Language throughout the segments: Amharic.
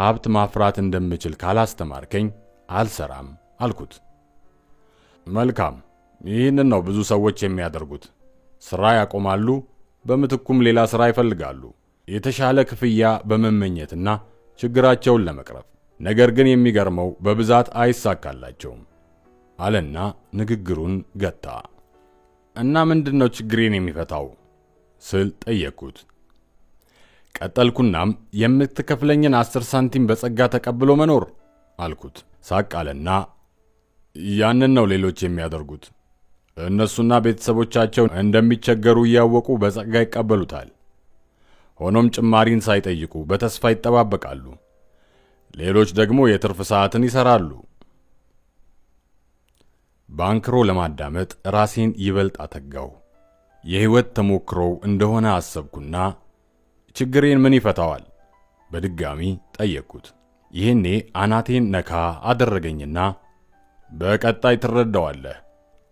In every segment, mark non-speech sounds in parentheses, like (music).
ሀብት ማፍራት እንደምችል ካላስተማርከኝ አልሰራም አልኩት። መልካም፣ ይህንን ነው ብዙ ሰዎች የሚያደርጉት። ስራ ያቆማሉ፣ በምትኩም ሌላ ስራ ይፈልጋሉ፣ የተሻለ ክፍያ በመመኘትና ችግራቸውን ለመቅረፍ። ነገር ግን የሚገርመው በብዛት አይሳካላቸውም አለና ንግግሩን ገታ። እና ምንድን ነው ችግሬን የሚፈታው ስል ጠየቅኩት። ቀጠልኩናም የምትከፍለኝን አስር ሳንቲም በጸጋ ተቀብሎ መኖር አልኩት። ሳቅ አለና ያንን ነው ሌሎች የሚያደርጉት። እነሱና ቤተሰቦቻቸው እንደሚቸገሩ እያወቁ በጸጋ ይቀበሉታል። ሆኖም ጭማሪን ሳይጠይቁ በተስፋ ይጠባበቃሉ። ሌሎች ደግሞ የትርፍ ሰዓትን ይሰራሉ። ባንክሮ ለማዳመጥ ራሴን ይበልጥ አተጋው። የሕይወት ተሞክሮው እንደሆነ አሰብኩና ችግሬን ምን ይፈታዋል? በድጋሚ ጠየቅኩት። ይህኔ አናቴን ነካ አደረገኝና በቀጣይ ትረዳዋለህ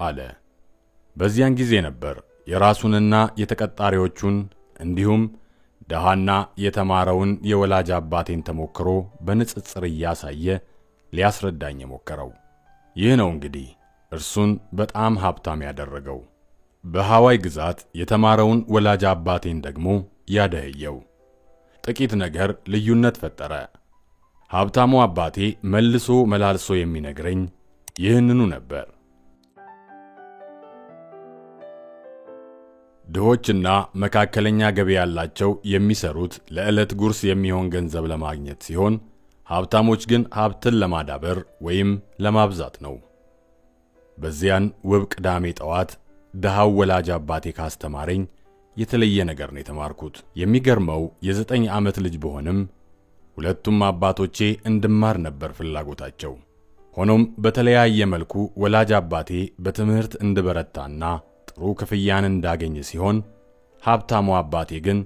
አለ። በዚያን ጊዜ ነበር የራሱንና የተቀጣሪዎቹን እንዲሁም ደሃና የተማረውን የወላጅ አባቴን ተሞክሮ በንጽጽር እያሳየ ሊያስረዳኝ የሞከረው። ይህ ነው እንግዲህ እርሱን በጣም ሀብታም ያደረገው። በሐዋይ ግዛት የተማረውን ወላጅ አባቴን ደግሞ ያደኸየው ጥቂት ነገር ልዩነት ፈጠረ። ሀብታሙ አባቴ መልሶ መላልሶ የሚነግረኝ ይህንኑ ነበር። ድሆችና መካከለኛ ገቢ ያላቸው የሚሰሩት ለዕለት ጉርስ የሚሆን ገንዘብ ለማግኘት ሲሆን፣ ሀብታሞች ግን ሀብትን ለማዳበር ወይም ለማብዛት ነው። በዚያን ውብ ቅዳሜ ጠዋት ድሃው ወላጅ አባቴ ካስተማረኝ የተለየ ነገር ነው የተማርኩት። የሚገርመው የዘጠኝ ዓመት ልጅ ብሆንም ሁለቱም አባቶቼ እንድማር ነበር ፍላጎታቸው። ሆኖም በተለያየ መልኩ ወላጅ አባቴ በትምህርት እንድበረታና ጥሩ ክፍያን እንዳገኝ ሲሆን፣ ሀብታሙ አባቴ ግን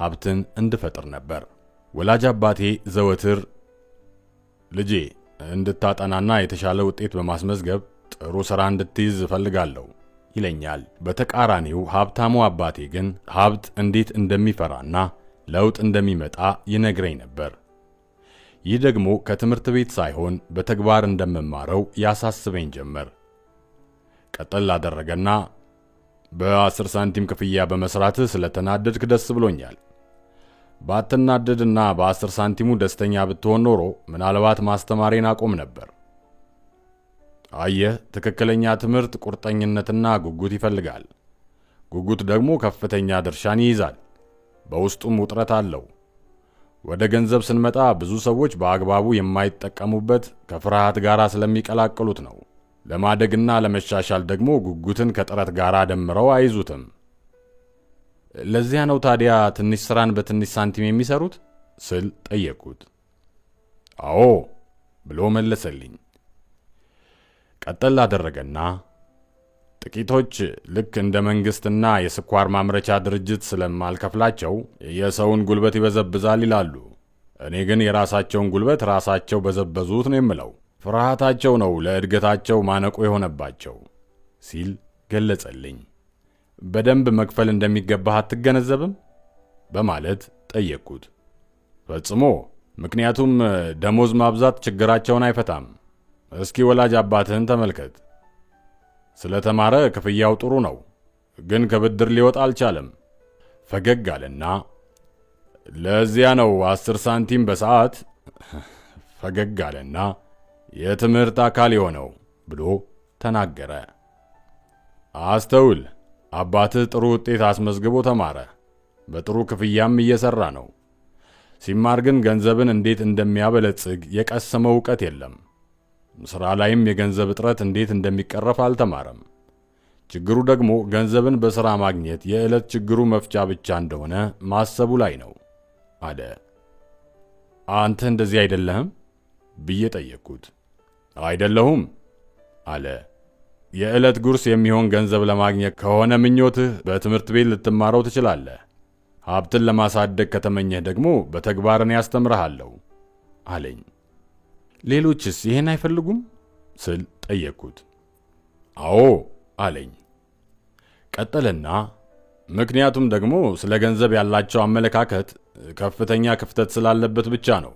ሀብትን እንድፈጥር ነበር። ወላጅ አባቴ ዘወትር ልጄ እንድታጠናና የተሻለ ውጤት በማስመዝገብ ጥሩ ሥራ እንድትይዝ እፈልጋለሁ ይለኛል። በተቃራኒው ሀብታሙ አባቴ ግን ሀብት እንዴት እንደሚፈራና ለውጥ እንደሚመጣ ይነግረኝ ነበር። ይህ ደግሞ ከትምህርት ቤት ሳይሆን በተግባር እንደምማረው ያሳስበኝ ጀመር። ቀጠል አደረገና በ10 ሳንቲም ክፍያ በመስራት ስለተናደድክ ደስ ብሎኛል። ባትናደድና በ10 ሳንቲሙ ደስተኛ ብትሆን ኖሮ ምናልባት ማስተማሬን አቆም ነበር። አየህ፣ ትክክለኛ ትምህርት ቁርጠኝነትና ጉጉት ይፈልጋል። ጉጉት ደግሞ ከፍተኛ ድርሻን ይይዛል፣ በውስጡም ውጥረት አለው። ወደ ገንዘብ ስንመጣ ብዙ ሰዎች በአግባቡ የማይጠቀሙበት ከፍርሃት ጋር ስለሚቀላቅሉት ነው። ለማደግና ለመሻሻል ደግሞ ጉጉትን ከጥረት ጋር ደምረው አይዙትም። ለዚያ ነው ታዲያ ትንሽ ስራን በትንሽ ሳንቲም የሚሰሩት ስል ጠየቅኩት። አዎ ብሎ መለሰልኝ። ቀጠል አደረገና ጥቂቶች ልክ እንደ መንግስትና የስኳር ማምረቻ ድርጅት ስለማልከፍላቸው የሰውን ጉልበት ይበዘብዛል ይላሉ። እኔ ግን የራሳቸውን ጉልበት ራሳቸው በዘበዙት ነው የምለው። ፍርሃታቸው ነው ለእድገታቸው ማነቆ የሆነባቸው ሲል ገለጸልኝ። በደንብ መክፈል እንደሚገባህ አትገነዘብም? በማለት ጠየቅኩት። ፈጽሞ፣ ምክንያቱም ደሞዝ ማብዛት ችግራቸውን አይፈታም እስኪ ወላጅ አባትህን ተመልከት። ስለተማረ ክፍያው ጥሩ ነው፣ ግን ከብድር ሊወጣ አልቻለም። ፈገግ አለና ለዚያ ነው አስር ሳንቲም በሰዓት (laughs) ፈገግ አለና የትምህርት አካል የሆነው ብሎ ተናገረ። አስተውል፣ አባትህ ጥሩ ውጤት አስመዝግቦ ተማረ። በጥሩ ክፍያም እየሰራ ነው። ሲማር ግን ገንዘብን እንዴት እንደሚያበለጽግ የቀሰመው እውቀት የለም። ስራ ላይም የገንዘብ እጥረት እንዴት እንደሚቀረፍ አልተማረም። ችግሩ ደግሞ ገንዘብን በሥራ ማግኘት የዕለት ችግሩ መፍቻ ብቻ እንደሆነ ማሰቡ ላይ ነው አለ። አንተ እንደዚህ አይደለህም ብዬ ጠየቅኩት። አይደለሁም አለ። የዕለት ጉርስ የሚሆን ገንዘብ ለማግኘት ከሆነ ምኞትህ በትምህርት ቤት ልትማረው ትችላለህ። ሀብትን ለማሳደግ ከተመኘህ ደግሞ በተግባርን ያስተምርሃለሁ አለኝ። ሌሎችስ ይህን አይፈልጉም ስል ጠየቅኩት። አዎ አለኝ። ቀጠለና ምክንያቱም ደግሞ ስለ ገንዘብ ያላቸው አመለካከት ከፍተኛ ክፍተት ስላለበት ብቻ ነው